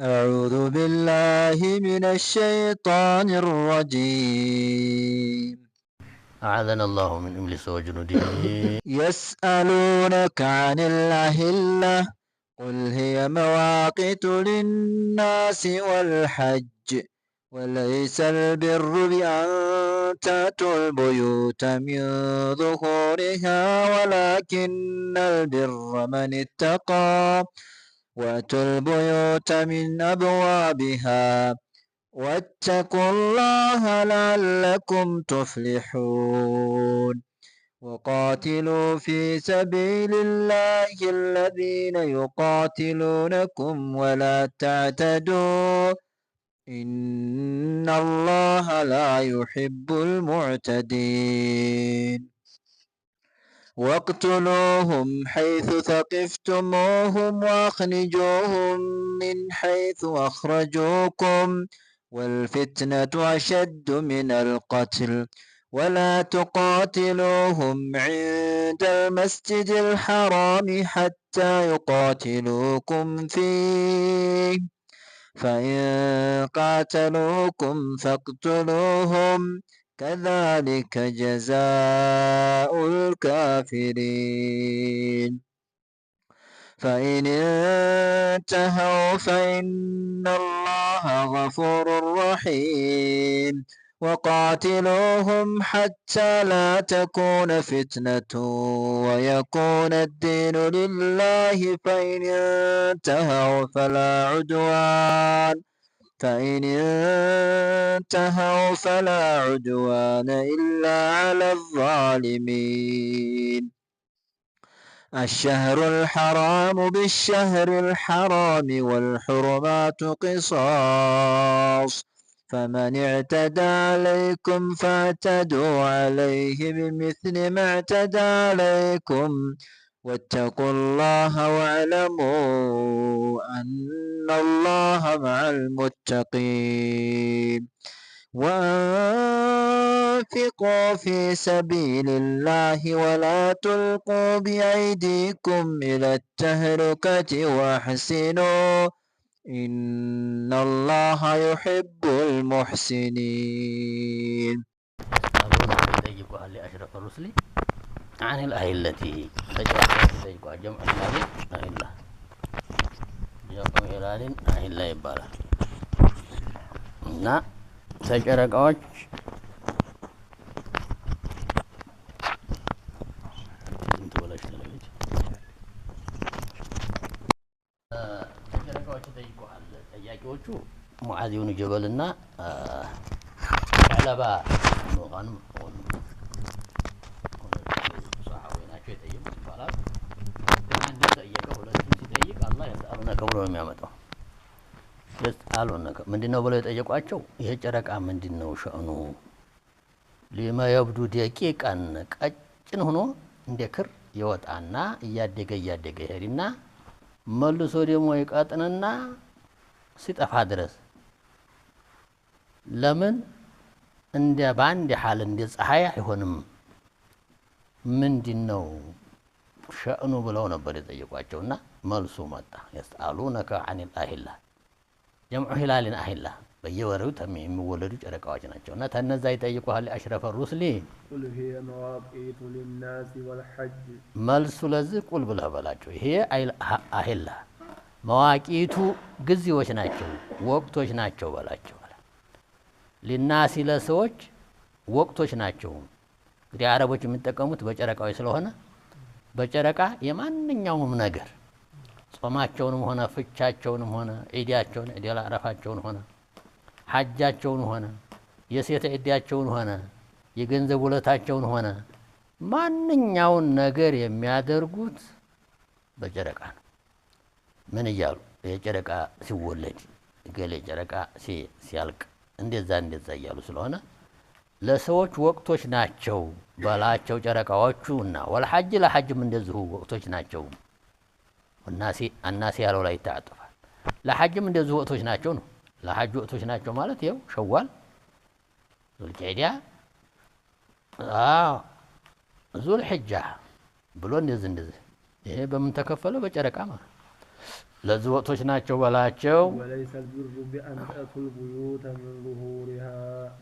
أعوذ بالله من الشيطان الرجيم أعذنا الله من إبليس وجنوده يسألونك عن الأهلة قل هي مواقيت للناس والحج وليس البر بأن تأتوا البيوت من ظهورها ولكن البر من اتقى واتوا البيوت من أبوابها واتقوا الله لعلكم تفلحون وقاتلوا في سبيل الله الذين يقاتلونكم ولا تعتدوا إن الله لا يحب المعتدين واقتلوهم حيث ثقفتموهم واخرجوهم من حيث أخرجوكم والفتنة أشد من القتل ولا تقاتلوهم عند المسجد الحرام حتى يقاتلوكم فيه فإن قاتلوكم فاقتلوهم كذلك جزاء الكافرين فإن انتهوا فإن الله غفور رحيم وقاتلوهم حتى لا تكون فتنة ويكون الدين لله فإن انتهوا فلا عدوان فإن انتهوا فلا عدوان إلا على الظالمين الشهر الحرام بالشهر الحرام والحرمات قصاص فمن اعتدى عليكم فاعتدوا عليه بمثل ما اعتدى عليكم واتقوا الله واعلموا أن الله مع المتقين وأنفقوا في سبيل الله ولا تلقوا بأيديكم إلى التهلكة وأحسنوا إن الله يحب المحسنين الرسل አኒል አይለቲ ተጠይቋል። ጀምዕ ላሊን جمع ጀምዕ ላሊን አይላ ይባላል እና ተጨረቃዎች ጥያቄዎቹ ሙዓዝ ብኑ ጀበልና ጨረቃው ብሎ ነው የሚያመጣው። አልሆነከው ምንድን ነው ብለው የጠየቋቸው ይሄ ጨረቃ ምንድን ነው ሸእኑ? ሊማ የብዱ ደቂቃን ቀጭን ሆኖ እንደ ክር ይወጣና እያደገ እያደገ ይሄድና መልሶ ደግሞ ይቀጥንና ሲጠፋ ድረስ ለምን እንደ በአንድ ሀል እንደ ፀሐይ አይሆንም? ምንድን ነው ሸእኑ ብለው ነበር የጠየቋቸው የጠየቋቸውና መልሱ መጣ። የስአሉነከ አኒል አሂላ ጀምዑ ሂላልን አህላ በየወሩ የሚወለዱ ጨረቃዎች ናቸው እና ተነዛ ይጠይቁሃል። አሽረፈ ሩስሊ መልሱ ለዚህ ቁል ብለህ በላቸው። ይሄ አህላ መዋቂቱ ጊዜዎች ናቸው፣ ወቅቶች ናቸው በላቸው። ሊናሲ ለሰዎች ወቅቶች ናቸው። እንግዲህ አረቦች የሚጠቀሙት በጨረቃዎች ስለሆነ በጨረቃ የማንኛውም ነገር ጾማቸውንም ሆነ ፍቻቸውንም ሆነ ዒዲያቸውን ዒደል አረፋቸውን ሆነ ሐጃቸውን ሆነ የሴት ዒዳቸውን ሆነ የገንዘብ ውለታቸውን ሆነ ማንኛውን ነገር የሚያደርጉት በጨረቃ ነው። ምን እያሉ የጨረቃ ሲወለድ ገሌ ጨረቃ ሲያልቅ እንደዛ እንደዛ እያሉ ስለሆነ ለሰዎች ወቅቶች ናቸው በላቸው ጨረቃዎቹ እና ወልሐጅ ለሐጅም እንደዚሁ ወቅቶች ናቸው። አናሴ ያለው ላይ ይታጠፋል። ለሐጅም እንደዚሁ ወቅቶች ናቸው ነው። ለሐጅ ወቅቶች ናቸው ማለት ያው ሸዋል፣ ዙልቄዳ፣ ዙልሕጃ ብሎ እንደዚህ እንደዚህ ይሄ በምን በጨረቃ ማለት ለዝወቶች ናቸው በላቸው።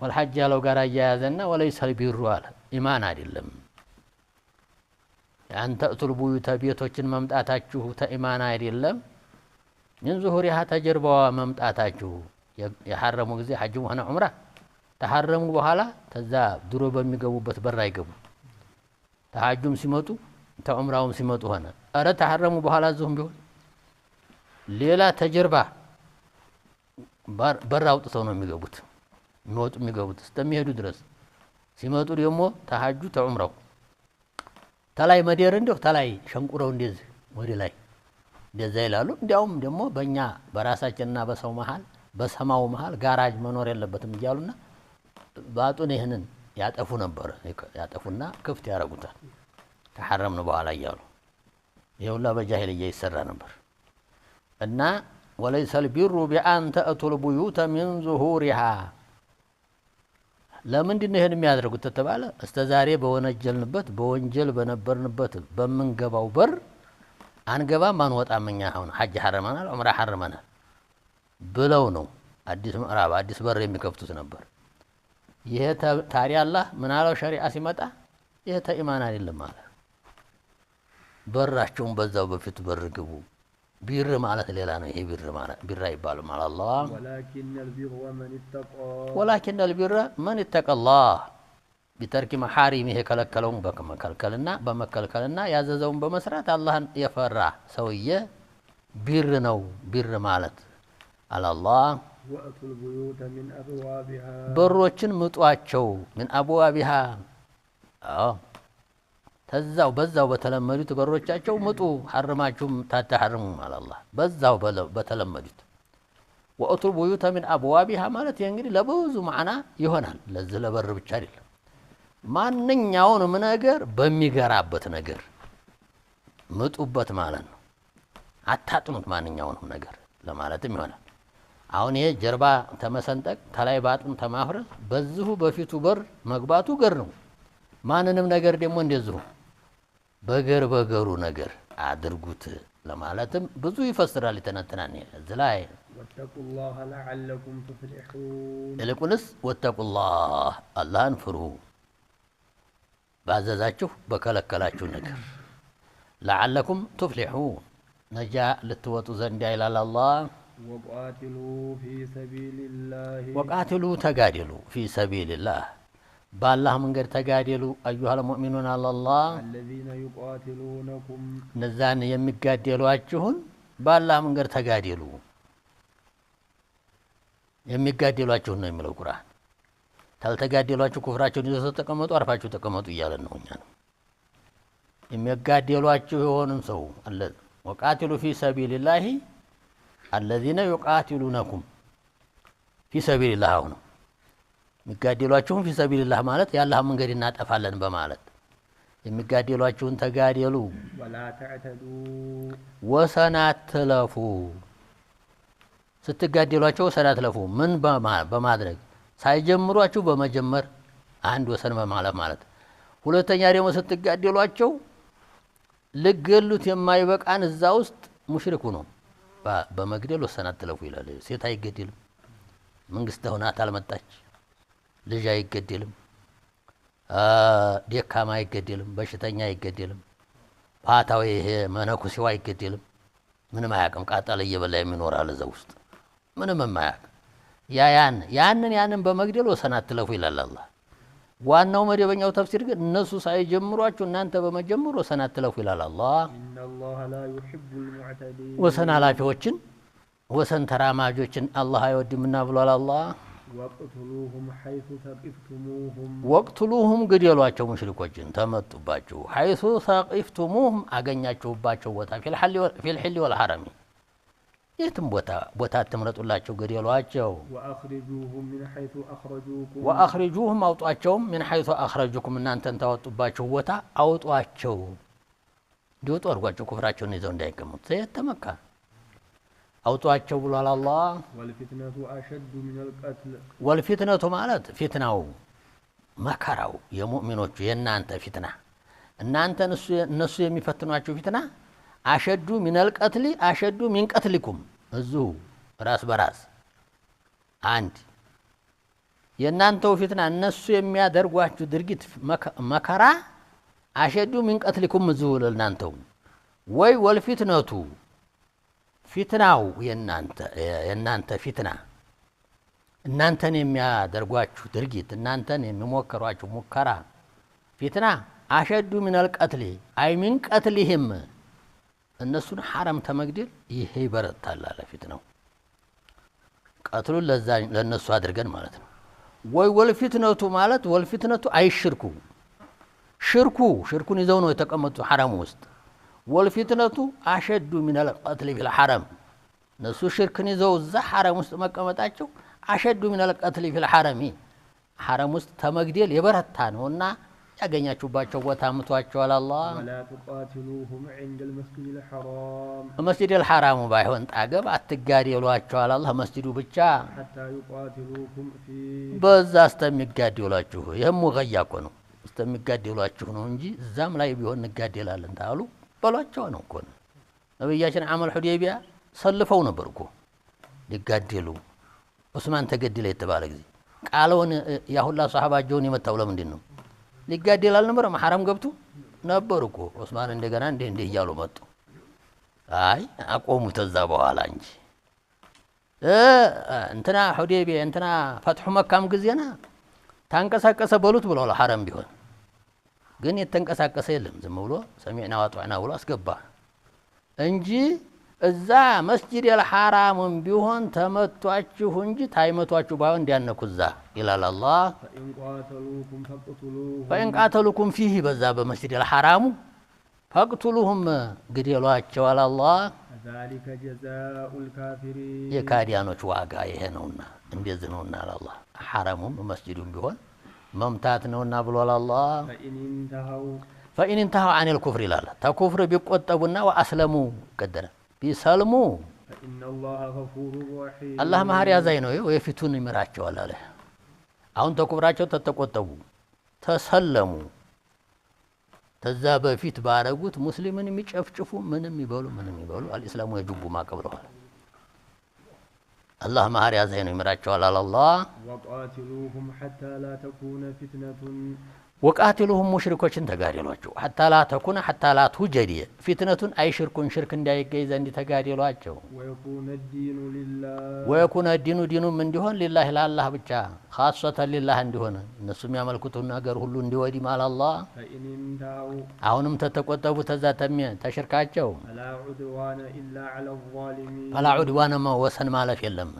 ወልሐጅ ያለው ጋር አያያዘና ወለይሰል ቢሩ አለ። ኢማን አይደለም አን ተእቱል ቡዩተ ቤቶችን መምጣታችሁ ተኢማን አይደለም። ምን ዙሁር ዙሁሪሃ ተጀርባዋ መምጣታችሁ የሐረሙ ጊዜ ሐጅም ሆነ ዑምራ ተሐረሙ በኋላ ተዛ ድሮ በሚገቡበት በር አይገቡ ተሐጁም ሲመጡ ተዑምራውም ሲመጡ ሆነ ኧረ ተሐረሙ በኋላ ዝሁም ቢሆን ሌላ ተጀርባ በር አውጥተው ነው የሚገቡት የሚወጡ የሚገቡት እስከሚሄዱ ድረስ ሲመጡ ደግሞ ተሀጁ ተዑምረው ተላይ መዴር እንዲሁ ተላይ ሸንቁረው እንደዚህ ወደ ላይ እንደዛ ይላሉ። እንዲያውም ደግሞ በእኛ በራሳችንና በሰው መሀል በሰማው መሀል ጋራጅ መኖር የለበትም እያሉና ባጡን ይህንን ያጠፉ ነበር። ያጠፉና ክፍት ያደረጉታል ከሐረምን በኋላ እያሉ ይህ ሁላ በጃሂልያ ይሰራ ነበር። እና ወለይሰል ልቢሩ ቢአን ተእቱል ቡዩተ ሚን ዙሁሪሃ ለምንድን ነው ይህን የሚያደርጉት ተባለ። እስተ ዛሬ በወነጀልንበት በወንጀል በነበርንበት በምንገባው በር አንገባም አንወጣም እኛ አሁን ሐጅ ሐረመናል ዑምራ ሐረመናል ብለው ነው አዲስ ምዕራብ አዲስ በር የሚከፍቱት ነበር። ይሄ ታዲያ አላህ ምናለው ሸሪዓ ሲመጣ ይሄ ተኢማን አይደለም አለ። በራቸውን በዛው በፊት በር ግቡ بير مالت ليلا انا هي بير مالا بير يبال مال الله ولكن البر من اتقى ولكن البر من اتقى الله بترك محارمه كلكلون بكم كلكلنا بمكلكلنا يا ززون بمسرات الله يفرى سويه بير نو بير مالت على الله واتوا البيوت من ابوابها بروتشن متواتشو من ابوابها آه. ከዛው በዛው በተለመዱት በሮቻቸው ምጡ ሐርማችሁም ታታሐርሙም አላላ በዛው በተለመዱት ወአቱል ቡዩተ ሚን አብዋቢሃ ማለት ይህ እንግዲህ ለብዙ ማዕና ይሆናል። ለዚህ ለበር ብቻ አይደለም። ማንኛውንም ነገር በሚገራበት ነገር ምጡበት ማለት ነው። አታጥኑት ማንኛውንም ነገር ለማለትም ይሆናል። አሁን ይሄ ጀርባ ተመሰንጠቅ ከላይ በአጥም ተማፍረስ በዚሁ በፊቱ በር መግባቱ ገር ነው። ማንንም ነገር ደግሞ እንደዚሁም በገር በገሩ ነገር አድርጉት ለማለትም ብዙ ይፈስራል፣ ይተነትናል። እዚ ላይ ይልቁንስ ወተቁላህ አላህን ፍሩ፣ ባዘዛችሁ በከለከላችሁ ነገር ለዓለኩም ትፍሊሑ ነጃ ልትወጡ ዘንድ ይላል አላህ። ወቃትሉ ተጋድሉ ፊ ሰቢልላህ በአላህ መንገድ ተጋደሉ። አዩሃል ሙእሚኑን አላላህ እነዛን የሚጋደሏችሁን በአላህ መንገድ ተጋደሉ። የሚጋደሏችሁን ነው የሚለው ቁርአን። ካልተጋደሏችሁ ኩፍራቸውን ይዘው ተቀመጡ፣ አርፋችሁ ተቀመጡ እያለ ነው። እኛ ነው የሚጋደሏችሁ የሆንም ሰው ወቃትሉ ፊ ሰቢልላሂ አለዚነ ዩቃትሉነኩም ፊ ሰቢልላህ አሁነው የሚጋደሏቸውን ፊሰቢልላህ ማለት የአላህ መንገድ እናጠፋለን በማለት የሚጋደሏችሁን ተጋደሉ፣ ወሰን አትለፉ። ስትጋደሏቸው ወሰን አትለፉ። ምን በማድረግ ሳይጀምሯችሁ በመጀመር አንድ ወሰን በማለፍ ማለት። ሁለተኛ ደግሞ ስትጋደሏቸው ልገሉት የማይበቃን እዛ ውስጥ ሙሽሪኩ ነው በመግደል ወሰን አትለፉ ይላል። ሴት አይገደልም። መንግስት ሆና አታልመጣች ልጅ አይገደልም፣ ደካማ አይገደልም፣ በሽተኛ አይገደልም፣ ፓታዊ ይሄ መነኩሴው አይገደልም። ምንም አያውቅም። ቃጠል እየበላ የሚኖራል እዛ ውስጥ ምንም የማያውቅ ያ ያን ያንን ያንን በመግደል ወሰን አትለፉ ይላል አላህ። ዋናው መደበኛው ተፍሲር ግን እነሱ ሳይጀምሯችሁ እናንተ በመጀመር ወሰን አትለፉ ይላል አላህ። ወሰን አላፊዎችን ወሰን ተራማጆችን አላህ አይወድምና ብሏል አላህ። ወቅትሉሁም ግደሏቸው፣ ሙሽሪኮችን ተመጡባችሁ። ሐይሱ ሰቂፍቱሙሁም አገኛችሁባቸው ቦታ ፊልሕሊ ወልሐረሚ የትም ቦታ አትምረጡላቸው፣ ግደሏቸው። ወአኽሪጁሁም አውጧቸውም፣ ሚን ሐይሱ አኽረጁኩም እናንተን ታወጡባችሁ ቦታ አውጧቸው። እንዲወጡ አድርጓቸው፣ ኩፍራቸውን ይዘው እንዳይቀመጡ ተመካ አውጧቸው ብሏል አላህ። ወልፊትነቱ ማለት ፊትናው መከራው የሙእሚኖቹ የእናንተ ፊትና እናንተን እነሱ የሚፈትኗቸው ፊትና አሸዱ ሚነልቀትሊ አሸዱ ሚንቀትሊኩም ቀትሊኩም እዚሁ ራስ በራስ አንድ የእናንተው ፊትና እነሱ የሚያደርጓችሁ ድርጊት መከራ አሸዱ ሚን ቀትሊኩም ለእናንተው ወይ ወልፊትነቱ ፊትናው የእናንተ ፊትና እናንተን የሚያደርጓችሁ ድርጊት እናንተን የሚሞከሯችሁ ሙከራ ፊትና አሸዱ ሚነል ቀትሊ አይ ሚን ቀትሊህም እነሱን ሐረም ተመግደል ይሄ ይበረታል አለ ፊትናው ቀትሉን ለእነሱ አድርገን ማለት ነው ወይ ወልፊትነቱ ማለት ወልፊትነቱ አይሽርኩ ሽርኩ ሽርኩን ይዘው ነው የተቀመጡ ሐረም ውስጥ ወልፊትነቱ አሸዱ ሚነል ቀትል ፊል ሐረም እነሱ ሽርክን ይዘው እዛ ሐረም ውስጥ መቀመጣቸው አሸዱ ሚነል ቀትል ፊል ሐረሚ ሐረም ውስጥ ተመግደል የበረታ ነው እና ያገኛችሁባቸው ቦታ ምቷቸዋል። አላህ መስጂድ አልሐራሙ ባይሆን ጣገብ አትጋደሏቸዋል። አላህ መስጅዱ ብቻ በዛ እስተሚጋደሏችሁ ይህም ወገያ እኮ ነው። እስተሚጋደሏችሁ ነው እንጂ እዛም ላይ ቢሆን እንጋደላለን ታሉ ሊቀበሏቸው ነው እኮ ነቢያችን አመል ሁዴቢያ ሰልፈው ነበር እኮ ሊጋደሉ ዑስማን ተገድለ የተባለ ጊዜ ቃለውን ያሁላ ሰሓባቸውን የመታው ለምንድን ነው? ሊጋደል አልነበረም? ሐራም ገብቱ ነበር እኮ ዑስማን። እንደገና እንዲህ እንዲህ እያሉ መጡ። አይ አቆሙ ተዛ በኋላ እንጂ እንትና ሁዴቢያ እንትና ፈትሑ መካም ጊዜና ታንቀሳቀሰ በሉት ብለው ሐረም ቢሆን ግን የተንቀሳቀሰ የለም። ዝም ብሎ ሰሚዕና ዋጧዕና ብሎ አስገባ እንጂ እዛ መስጂድ የልሐራሙን ቢሆን ተመቷችሁ እንጂ ታይመቷችሁ ባይሆን እንዲያነኩ እዛ ይላል አላህ። ፈኢን ፊህ በዛ በመስጂድ የልሐራሙ ፈቅቱሉሁም ግደሏቸዋል አላህ። የካዲያኖች ዋጋ ይሄ ነውና እንደዚህ ነውና አላህ ሐራሙም መስጂዱም ቢሆን መምታት ነውና ብሏል አላ ፈኢን እንተሃው አኒል ኩፍር ይላል። ተኩፍር ቢቆጠቡና ወአስለሙ ይቀደላል። ቢሰልሙ አላህ መሐሪ አዛኝ ነው፣ የፊቱን ይምራቸዋል አለ። አሁን ተኩፍራቸው ተተቆጠቡ ተሰለሙ ከዛ በፊት ባረጉት ሙስሊምን የሚጨፍጭፉ ምንም ይበሉ ምንም ይበሉ አልኢስላሙ የጅቡ ማቀብለዋል اللهم هر يا زين مراتشو على الله وقاتلوهم حتى لا تكون فتنة ወቃትሉሁም ሙሽሪኮችን ተጋደሏቸው ሐታ ላ ተኩነ ሐታ ላ ቱጀድ ፊትነቱን አይሽርኩን ሽርክ እንዳይገኝ ዘንድ ተጋደሏቸው። ወየኩነ ዲኑ ዲኑም እንዲሆን ሊላህ ለአላህ ብቻ ካሶተን ሊላህ እንዲሆን እነሱ የሚያመልኩትን ነገር ሁሉ እንዲወዲም አላላህ አሁንም ተተቆጠቡ ተዛ ተሚያ ተሽርካቸው ፈላ ዑድዋነ ወሰን ማለፍ የለም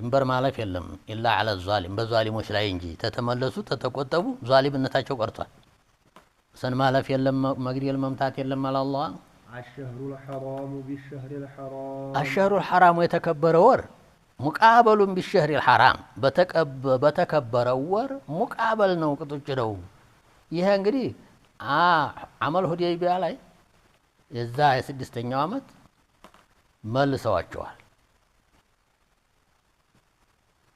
ድንበር ማለፍ የለም ኢላ አለ ዛሊም በዛሊሞች ላይ እንጂ ተተመለሱ ተተቆጠቡ ዛሊምነታቸው ቀርቷል ሰን ማለፍ የለም መግደል መምታት የለም አለ አላ አሸህሩ ልሐራሙ የተከበረ ወር ሙቃበሉን ቢሸህሪ ልሐራም በተከበረው ወር ሙቃበል ነው ቅጡጭ ነው ይሄ እንግዲህ አመል ሁዴቢያ ላይ የዛ የስድስተኛው አመት መልሰዋቸዋል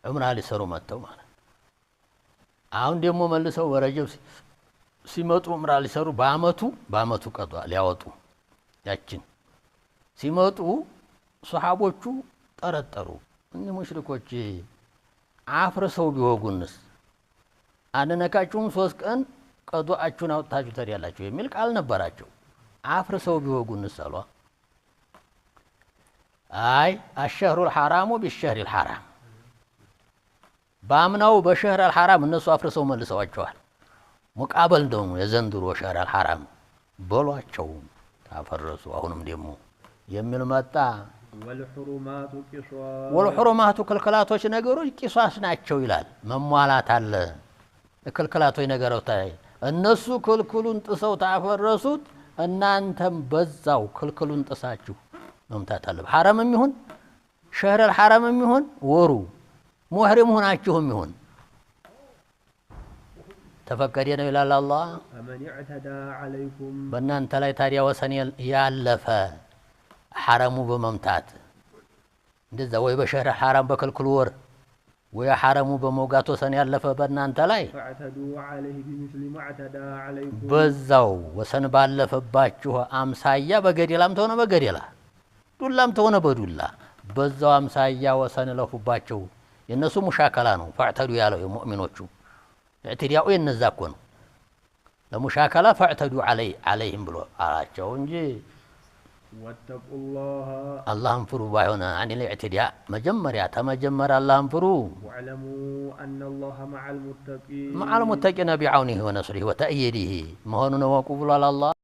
እምራ ሊሰሩ መጥተው ማለት አሁን ደግሞ መልሰው ወረጀብ ሲመጡ እምራ ሊሰሩ በአመቱ በአመቱ ቀጧ ሊያወጡ ያችን ሲመጡ ሰሓቦቹ ጠረጠሩ። እኒ ሙሽሪኮች አፍርሰው ቢወጉንስ አንነካችሁም፣ ሶስት ቀን ቀዷአችሁን አውጥታችሁ ትሄዳላችሁ የሚል ቃል ነበራቸው። አፍርሰው ቢወጉንስ አሏ። አይ አሸህሩል ልሐራሙ ቢሸህሪል ልሐራም በአምናው በሸህር አልሐራም እነሱ አፍርሰው መልሰዋቸዋል። ሙቃበል ደግሞ የዘንድሮ ሸህር አልሐራም በሏቸው ታፈረሱ አሁንም ደግሞ የሚል መጣ። ወልሑሩማቱ ክልክላቶች ነገሮች ቂሷስ ናቸው ይላል። መሟላት አለ ክልክላቶች ነገሮች እነሱ ክልክሉን ጥሰው ታፈረሱት፣ እናንተም በዛው ክልክሉን ጥሳችሁ መምታት አለብ። ሐረምም ይሁን ሸህረል ሐረምም ይሁን ወሩ ሙሕሪም ሁናችሁም ይሁን ተፈቀደ ነው ይላል አላህ። በእናንተ ላይ ታዲያ ወሰን ያለፈ ሐረሙ በመምታት እንደዛ ወይ በሸህር ሐራም በክልክል ወር ወይ ሐረሙ በመውጋት ወሰን ያለፈ በእናንተ ላይ በዛው ወሰን ባለፈባችሁ አምሳያ በገዴላም ተሆነ በገዴላ ዱላም ተሆነ በዱላ በዛው አምሳያ ወሰን እለፉባቸው። የእነሱ ሙሻከላ ነው ፈዕተዱ ያለው የሙእሚኖቹ ኢዕትዳኡ የነዛ እኮ ነው ለሙሻከላ ፈዕተዱ አለይህም ብሎ አላቸው እንጂ አላህን ፍሩ ባይሆነ አን ልዕትዳ መጀመሪያ ተመጀመሪያ አላህን ፍሩ መዓ ልሙተቂነ ቢዓውኒህ ወነስሪህ ወተእይዲህ መሆኑን እወቁ ብሏል አላህ